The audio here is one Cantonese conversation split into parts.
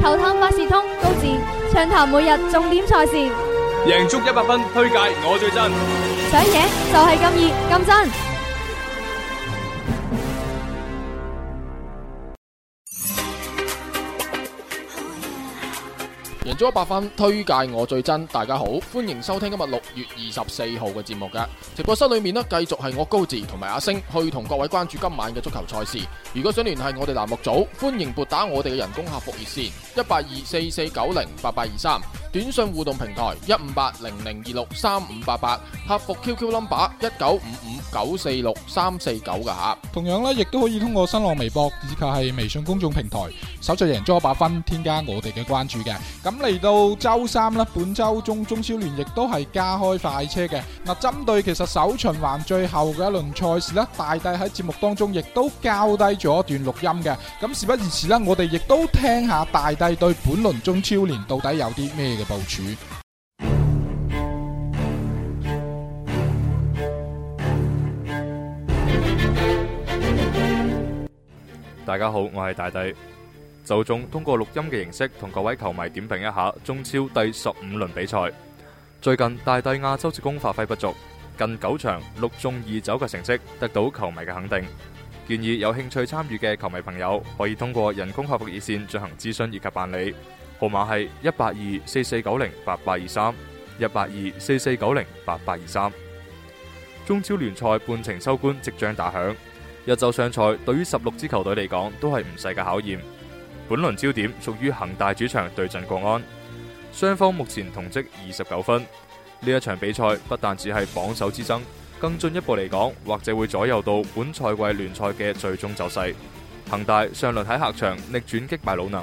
球探百事通，高志暢談每日重點賽事，贏足一百分，推介我最真，想贏就係咁易咁真。咗一百分，推介我最真。大家好，歡迎收聽今日六月二十四號嘅節目嘅直播室裏面呢繼續係我高智同埋阿星去同各位關注今晚嘅足球賽事。如果想聯繫我哋欄目組，歡迎撥打我哋嘅人工客服熱線一八二四四九零八八二三。短信互動平台一五八零零二六三五八八，客服 QQ number 一九五五九四六三四九嘅吓。同樣咧，亦都可以通過新浪微博以及係微信公眾平台，搜索贏足 100FUN，添加我哋嘅關注嘅。咁嚟到周三啦，本周中中超聯亦都係加開快車嘅。嗱，針對其實首循環最後嘅一輪賽事咧，大帝喺節目當中亦都交低咗一段錄音嘅。咁事不宜遲啦，我哋亦都聽下大帝對本輪中超聯到底有啲咩？嘅部大家好，我係大帝，就仲通過錄音嘅形式同各位球迷點評一下中超第十五輪比賽。最近大帝亞洲助攻發揮不俗，近九場六中二走嘅成績得到球迷嘅肯定。建議有興趣參與嘅球迷朋友可以通過人工客服熱線進行諮詢以及辦理。號碼係一八二四四九零八八二三，一八二四四九零八八二三。中超聯賽半程收官，即將打響。日晝上賽，對於十六支球隊嚟講，都係唔細嘅考驗。本輪焦點屬於恒大主場對陣國安，雙方目前同積二十九分。呢一場比賽不但只係榜首之爭，更進一步嚟講，或者會左右到本賽季聯賽嘅最終走勢。恒大上輪喺客場逆轉擊敗魯能。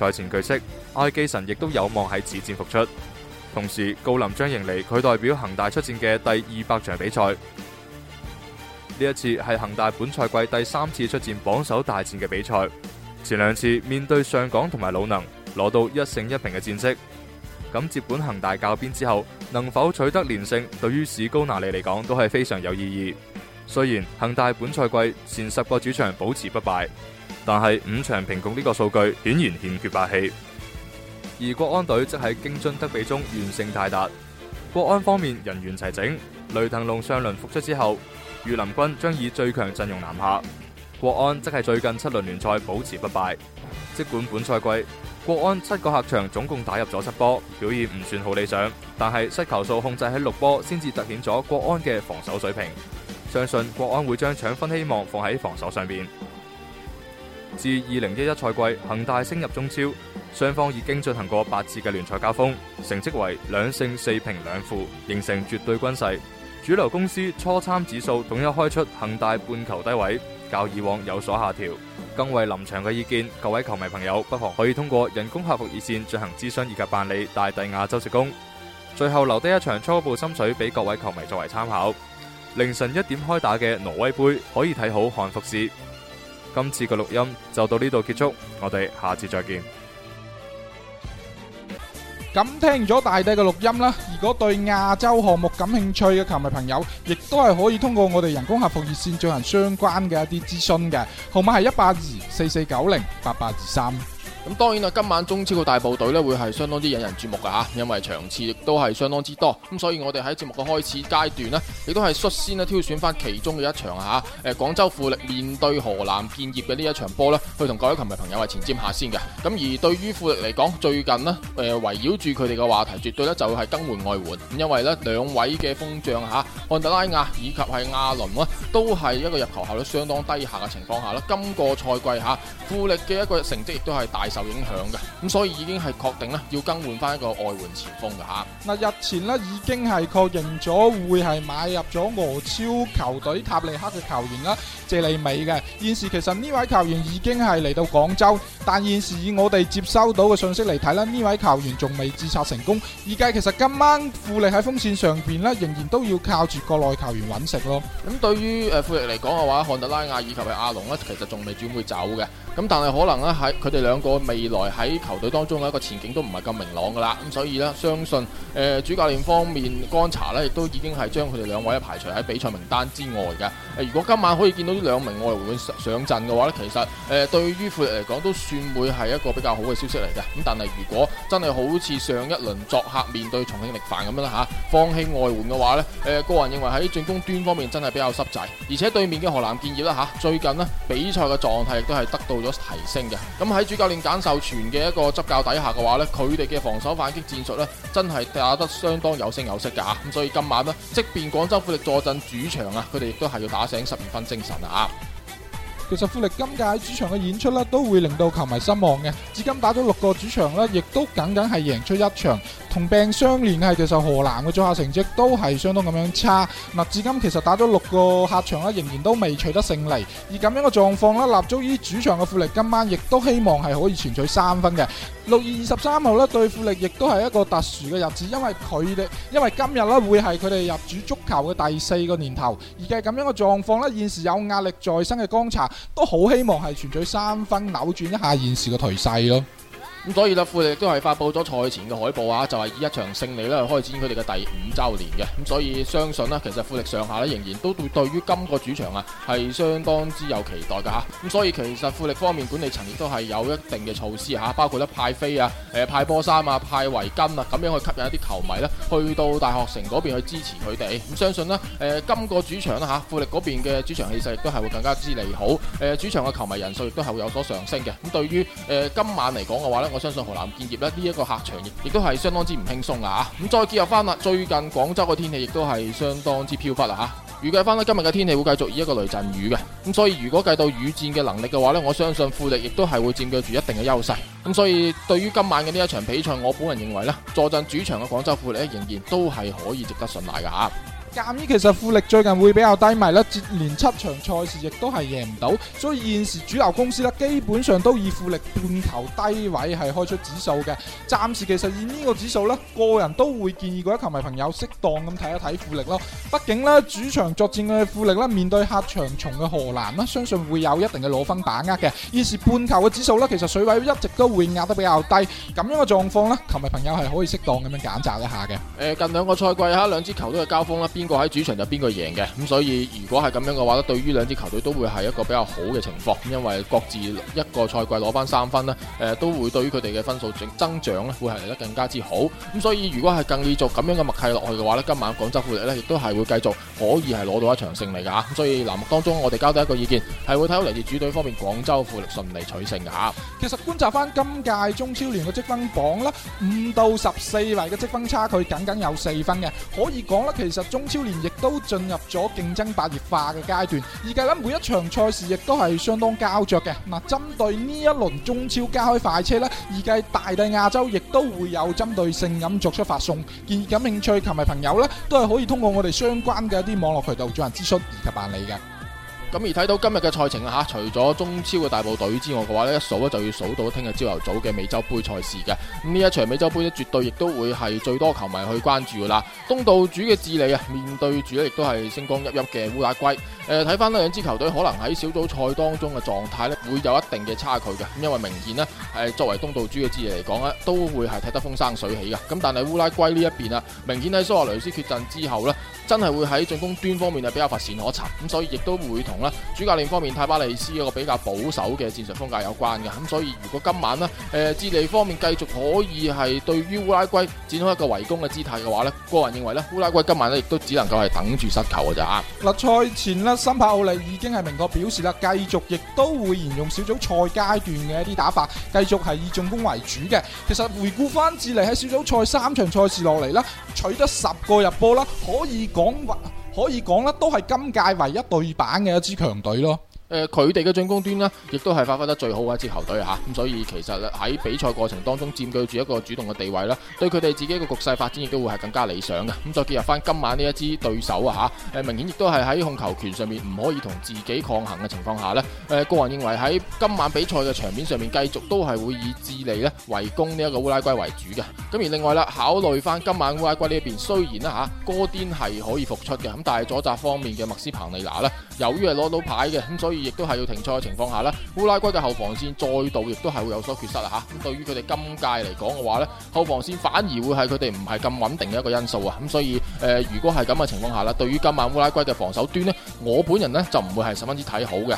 賽前據悉，艾基神亦都有望喺此戰復出，同時郜林將迎嚟佢代表恒大出戰嘅第二百場比賽。呢一次係恒大本賽季第三次出戰榜首大戰嘅比賽，前兩次面對上港同埋魯能，攞到一勝一平嘅戰績。咁接管恒大教鞭之後，能否取得連勝，對於史高拿利嚟講都係非常有意義。雖然恒大本賽季前十個主場保持不敗。但係五場平局呢個數據顯然欠缺霸氣，而國安隊則喺京津德比中完勝泰達。國安方面人員齊整，雷騰龍上輪復出之後，御林軍將以最強陣容南下。國安則係最近七輪聯賽保持不敗，即管本賽季國安七個客場總共打入咗七波，表現唔算好理想，但係失球數控制喺六波，先至凸顯咗國安嘅防守水平。相信國安會將搶分希望放喺防守上邊。至二零一一賽季，恆大升入中超，雙方已經進行過八次嘅聯賽交鋒，成績為兩勝四平兩負，形成絕對均勢。主流公司初參指數統一開出恒大半球低位，較以往有所下調，更為臨場嘅意見。各位球迷朋友，不妨可以通過人工客服熱線進行諮詢以及辦理大帝亞洲職工。最後留低一場初步心水俾各位球迷作為參考。凌晨一點開打嘅挪威杯可以睇好漢服斯。今次嘅錄音就到呢度結束，我哋下次再見。咁聽完咗大帝嘅錄音啦，如果對亞洲項目感興趣嘅球迷朋友，亦都係可以通過我哋人工客服熱線進行相關嘅一啲諮詢嘅，號碼係一八二四四九零八八二三。咁當然啦，今晚中超嘅大部隊呢會係相當之引人注目㗎。因為場次亦都係相當之多。咁所以我哋喺節目嘅開始階段呢，亦都係率先挑選翻其中嘅一場嚇、呃，廣州富力面對河南建業嘅呢一場波呢，去同各位球迷朋友係前瞻下先嘅。咁而對於富力嚟講，最近呢，誒圍繞住佢哋嘅話題，絕對呢就係更換外援，因為呢兩位嘅鋒將嚇，漢特拉亞以及係亞倫啦都係一個入球效率相當低下嘅情況下啦。今個賽季嚇，富力嘅一個成績亦都係大受影響嘅，咁所以已經係確定咧，要更換翻一個外援前鋒嘅吓。嗱，日前咧已經係確認咗會係買入咗俄超球隊塔利克嘅球員啦，謝利美嘅。現時其實呢位球員已經係嚟到廣州，但現時以我哋接收到嘅信息嚟睇咧，呢位球員仲未注冊成功。而家其實今晚富力喺鋒線上邊咧，仍然都要靠住國內球員揾食咯。咁對於誒富力嚟講嘅話，漢德拉亞以及係阿龍咧，其實仲未轉會走嘅。咁但係可能咧喺佢哋兩個。未來喺球隊當中嘅一個前景都唔係咁明朗噶啦，咁所以呢，相信誒、呃、主教練方面觀察呢，亦都已經係將佢哋兩位排除喺比賽名單之外嘅。誒、呃，如果今晚可以見到呢兩名外援上上陣嘅話呢，其實誒、呃、對於富力嚟講都算會係一個比較好嘅消息嚟嘅。咁但係如果真係好似上一輪作客面對重慶力帆咁樣啦吓，放棄外援嘅話呢，誒、呃、個人認為喺進攻端方面真係比較濕滯，而且對面嘅河南建業啦吓，最近呢，比賽嘅狀態亦都係得到咗提升嘅。咁喺主教練反守全嘅一個執教底下嘅話呢，佢哋嘅防守反擊戰術呢，真係打得相當有聲有色噶。咁所以今晚呢，即便廣州富力坐鎮主場啊，佢哋亦都係要打醒十二分精神啊！其實富力今屆主場嘅演出呢，都會令到球迷失望嘅。至今打咗六個主場呢，亦都僅僅係贏出一場。同病相連嘅，其實河南嘅作客成績都係相當咁樣差。嗱，至今其實打咗六個客場，啦，仍然都未取得勝利。而咁樣嘅狀況咧，立足於主場嘅富力今晚亦都希望係可以全取三分嘅。六月二十三號咧對富力，亦都係一個特殊嘅日子，因為佢哋因為今日咧會係佢哋入主足球嘅第四個年頭，而係咁樣嘅狀況咧，現時有壓力在身嘅江查都好希望係全取三分，扭轉一下現時嘅頹勢咯。咁所以啦，富力都係發布咗賽前嘅海報啊，就係以一場勝利咧去開展佢哋嘅第五周年嘅。咁所以相信呢其實富力上下咧仍然都對對於今個主場啊係相當之有期待嘅吓，咁所以其實富力方面管理層亦都係有一定嘅措施吓，包括咧派飛啊、誒派波衫啊、派圍巾啊，咁樣去吸引一啲球迷咧去到大學城嗰邊去支持佢哋。咁相信呢誒今個主場啦吓富力嗰邊嘅主場氣勢亦都係會更加之利好。誒主場嘅球迷人數亦都係會有所上升嘅。咁對於誒今晚嚟講嘅話咧，我相信河南建業咧呢一個客場亦都係相當之唔輕鬆噶吓，咁再結合翻啦，最近廣州嘅天氣亦都係相當之飄忽啦吓，預計翻啦今日嘅天氣會繼續以一個雷陣雨嘅，咁所以如果計到雨戰嘅能力嘅話呢，我相信富力亦都係會佔據住一定嘅優勢，咁所以對於今晚嘅呢一場比賽，我本人認為呢，坐鎮主場嘅廣州富力呢仍然都係可以值得信賴噶。鑒於其實富力最近會比較低迷呢，接連七場賽事亦都係贏唔到，所以現時主流公司基本上都以富力半球低位係開出指數嘅。暫時其實以呢個指數呢個人都會建議嗰啲球迷朋友適當咁睇一睇富力咯。畢竟呢，主場作戰嘅富力呢，面對客場從嘅荷蘭，相信會有一定嘅攞分把握嘅。而是半球嘅指數呢，其實水位一直都會壓得比較低，咁樣嘅狀況咧，球迷朋友係可以適當咁樣揀擇一下嘅。誒，近兩個賽季吓，兩支球都係交鋒啦。邊個喺主場就邊個贏嘅，咁所以如果係咁樣嘅話咧，對於兩支球隊都會係一個比較好嘅情況，因為各自一個賽季攞翻三分呢，誒、呃、都會對於佢哋嘅分數增增長咧會係嚟得更加之好，咁所以如果係繼續咁樣嘅默契落去嘅話呢，今晚廣州富力呢亦都係會繼續可以係攞到一場勝利噶，咁所以欄目當中我哋交代一個意見係會睇到嚟自主隊方面廣州富力順利取勝噶，吓，其實觀察翻今屆中超聯嘅積分榜啦，五到十四位嘅積分差距僅僅有四分嘅，可以講啦，其實中。超聯亦都進入咗競爭白熱化嘅階段，而家咧每一場賽事亦都係相當膠着嘅。嗱，針對呢一輪中超加開快車呢，而家大帝亞洲亦都會有針對性咁作出發送，建議感興趣球迷朋友呢，都係可以通過我哋相關嘅一啲網絡渠道進行諮詢以及辦理嘅。咁而睇到今日嘅賽程啊，除咗中超嘅大部隊之外嘅話呢一數咧就要數到聽日朝頭早嘅美洲杯賽事嘅。咁呢一場美洲杯呢，絕對亦都會係最多球迷去關注嘅啦。東道主嘅智利啊，面對住呢亦都係星光熠熠嘅烏拉圭。誒、呃，睇翻咧兩支球隊可能喺小組賽當中嘅狀態呢，會有一定嘅差距嘅。咁因為明顯呢，誒作為東道主嘅智利嚟講呢，都會係踢得風生水起嘅。咁但係烏拉圭呢一邊啊，明顯喺蘇亞雷斯缺陣之後呢，真係會喺進攻端方面係比較乏善可陳。咁所以亦都會同。主教練方面，泰巴利斯一個比較保守嘅戰術風格有關嘅，咁所以如果今晚呢，誒、呃、智利方面繼續可以係對於烏拉圭展開一個圍攻嘅姿態嘅話呢，個人認為呢，烏拉圭今晚呢亦都只能夠係等住失球嘅咋、啊。嗱，賽前呢，森帕奧利已經係明確表示啦，繼續亦都會沿用小組賽階段嘅一啲打法，繼續係以進攻為主嘅。其實回顧翻智利喺小組賽三場賽事落嚟啦，取得十個入波啦，可以講可以講咧，都係今屆唯一對版嘅一支強隊咯。誒佢哋嘅進攻端呢，亦都係發揮得最好嘅一支球隊嚇，咁所以其實喺比賽過程當中佔據住一個主動嘅地位啦，對佢哋自己嘅局勢發展亦都會係更加理想嘅。咁再結合翻今晚呢一支對手啊嚇，誒明顯亦都係喺控球權上面唔可以同自己抗衡嘅情況下呢，誒個人認為喺今晚比賽嘅場面上面，繼續都係會以智利呢圍攻呢一個烏拉圭為主嘅。咁而另外啦，考慮翻今晚烏拉圭呢一邊雖然啦嚇哥顛係可以復出嘅，咁但係左閘方面嘅麥斯彭尼拿呢，由於係攞到牌嘅，咁所以。亦都係要停賽嘅情況下咧，烏拉圭嘅後防線再度亦都係會有所缺失啦，吓。咁、啊、對於佢哋今屆嚟講嘅話咧，後防線反而會係佢哋唔係咁穩定嘅一個因素啊。咁所以誒、呃，如果係咁嘅情況下啦，對於今晚烏拉圭嘅防守端咧，我本人咧就唔會係十分之睇好嘅。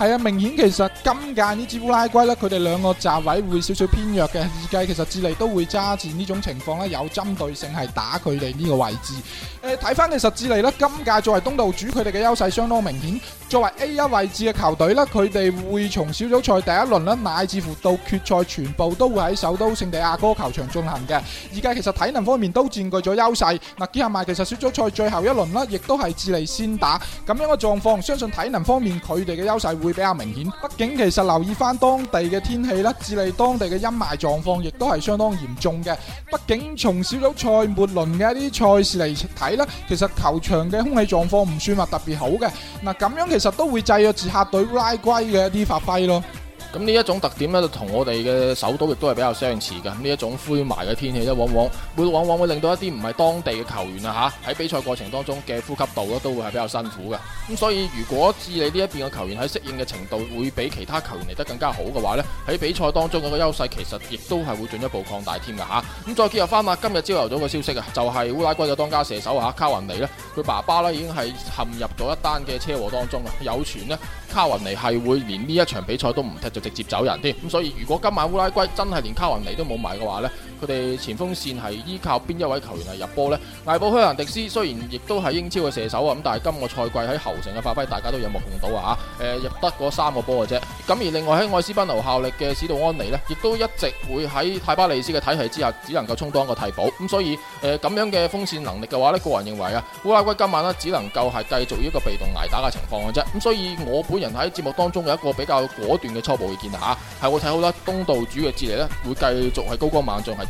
係啊，明顯其實今屆呢支烏拉圭咧，佢哋兩個閘位會少少偏弱嘅。而家其實智利都會揸住呢種情況咧，有針對性係打佢哋呢個位置。誒、呃，睇翻其實智利呢，今屆作為東道主，佢哋嘅優勢相當明顯。作為 A 一位置嘅球隊呢，佢哋會從小組賽第一輪呢，乃至乎到決賽全部都會喺首都聖地亞哥球場進行嘅。而家其實體能方面都佔據咗優勢。嗱、啊，結合埋其實小組賽最後一輪呢，亦都係智利先打咁樣嘅狀況，相信體能方面佢哋嘅優勢會。比較明顯，畢竟其實留意返當地嘅天氣啦，智利當地嘅陰霾狀況亦都係相當嚴重嘅。畢竟從小組賽末輪嘅一啲賽事嚟睇，其實球場嘅空氣狀況唔算話特別好嘅。嗱，咁樣其實都會制約住客隊烏拉圭嘅一啲發揮咯。咁呢一種特點咧，就同我哋嘅首都亦都係比較相似嘅。呢一種灰霾嘅天氣咧，往往會往往會令到一啲唔係當地嘅球員啊，喺比賽過程當中嘅呼吸道咧，都會係比較辛苦嘅。咁所以，如果智利呢一邊嘅球員喺適應嘅程度會比其他球員嚟得更加好嘅話咧，喺比賽當中嗰個優勢其實亦都係會進一步擴大添嘅吓，咁再結合翻啊，今日朝頭早嘅消息啊，就係、是、烏拉圭嘅當家射手啊卡雲尼咧，佢爸爸咧已經係陷入咗一單嘅車禍當中啊，有傳呢。卡雲尼係會連呢一場比賽都唔踢就直接走人添，咁所以如果今晚烏拉圭真係連卡雲尼都冇埋嘅話呢？佢哋前鋒線係依靠邊一位球員嚟入波呢？艾保屈蘭迪斯雖然亦都係英超嘅射手啊，咁但係今個賽季喺侯城嘅發揮，大家都有目共睹啊嚇。誒、呃、入得嗰三個波嘅啫。咁而另外喺愛斯賓奴效力嘅史道安尼呢，亦都一直會喺泰巴利斯嘅體系之下，只能夠充當一個替補。咁所以誒咁、呃、樣嘅鋒線能力嘅話咧，個人認為啊，烏拉圭今晚呢，只能夠係繼續一個被動捱打嘅情況嘅啫。咁所以我本人喺節目當中有一個比較果斷嘅初步意見解嚇，係、啊、我睇好啦，東道主嘅智利呢，會繼續係高光萬丈係。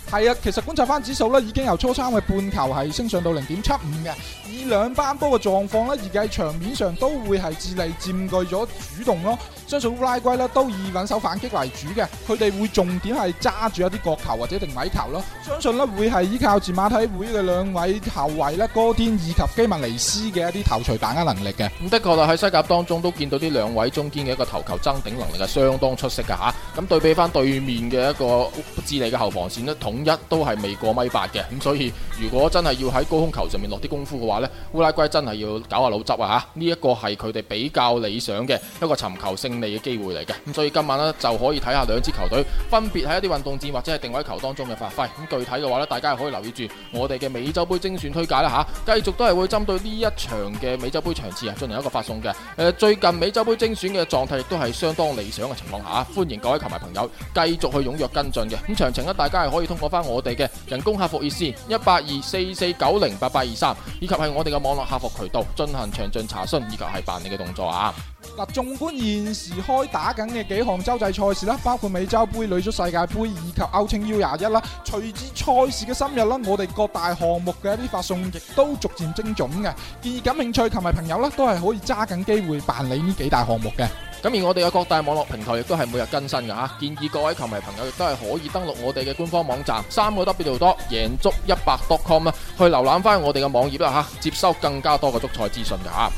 係啊，其實觀察翻指數咧，已經由初三嘅半球係升上到零點七五嘅。以兩班波嘅狀況咧，預計場面上都會係智利佔據咗主動咯。相信烏拉圭咧都以穩守反擊為主嘅，佢哋會重點係揸住一啲角球或者定位球咯。相信咧會係依靠住馬體會嘅兩位後衛咧，哥天以及基文尼斯嘅一啲頭錘把握能力嘅。咁的確啦，喺西甲當中都見到啲兩位中堅嘅一個頭球爭頂能力係相當出色嘅吓。咁對比翻對面嘅一個智利嘅後防線咧，統。一都係未過米八嘅，咁所以如果真係要喺高空球上面落啲功夫嘅話呢，烏拉圭真係要搞下腦汁啊吓！呢一個係佢哋比較理想嘅一個尋求勝利嘅機會嚟嘅，咁所以今晚呢，就可以睇下兩支球隊分別喺一啲運動戰或者係定位球當中嘅發揮。咁具體嘅話呢，大家係可以留意住我哋嘅美洲杯精選推介啦吓，繼續都係會針對呢一場嘅美洲杯場次啊進行一個發送嘅。誒，最近美洲杯精選嘅狀態亦都係相當理想嘅情況下，歡迎各位球迷朋友繼續去踴躍跟進嘅。咁詳情呢，大家係可以通過。翻我哋嘅人工客服熱線一八二四四九零八八二三，23，以及係我哋嘅網絡客服渠道進行詳盡查詢以及係辦理嘅動作啊！嗱，縱觀現時開打緊嘅幾項洲際賽事啦，包括美洲杯、女足世界杯以及歐青 U 廿一啦。隨住賽事嘅深入啦，我哋各大項目嘅一啲發送亦都逐漸精準嘅,建議感興趣同埋朋友啦，都係可以揸緊機會辦理呢幾大項目嘅。咁而我哋嘅各大網絡平台亦都係每日更新㗎吓，建議各位球迷朋友亦都係可以登錄我哋嘅官方網站三個 W 多贏足一百 .com 啊，去瀏覽翻我哋嘅網頁啦吓，接收更加多嘅足彩資訊嘅吓。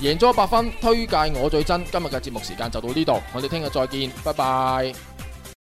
贏足一百 FUN，推介我最真。今日嘅節目時間就到呢度，我哋聽日再見，拜拜。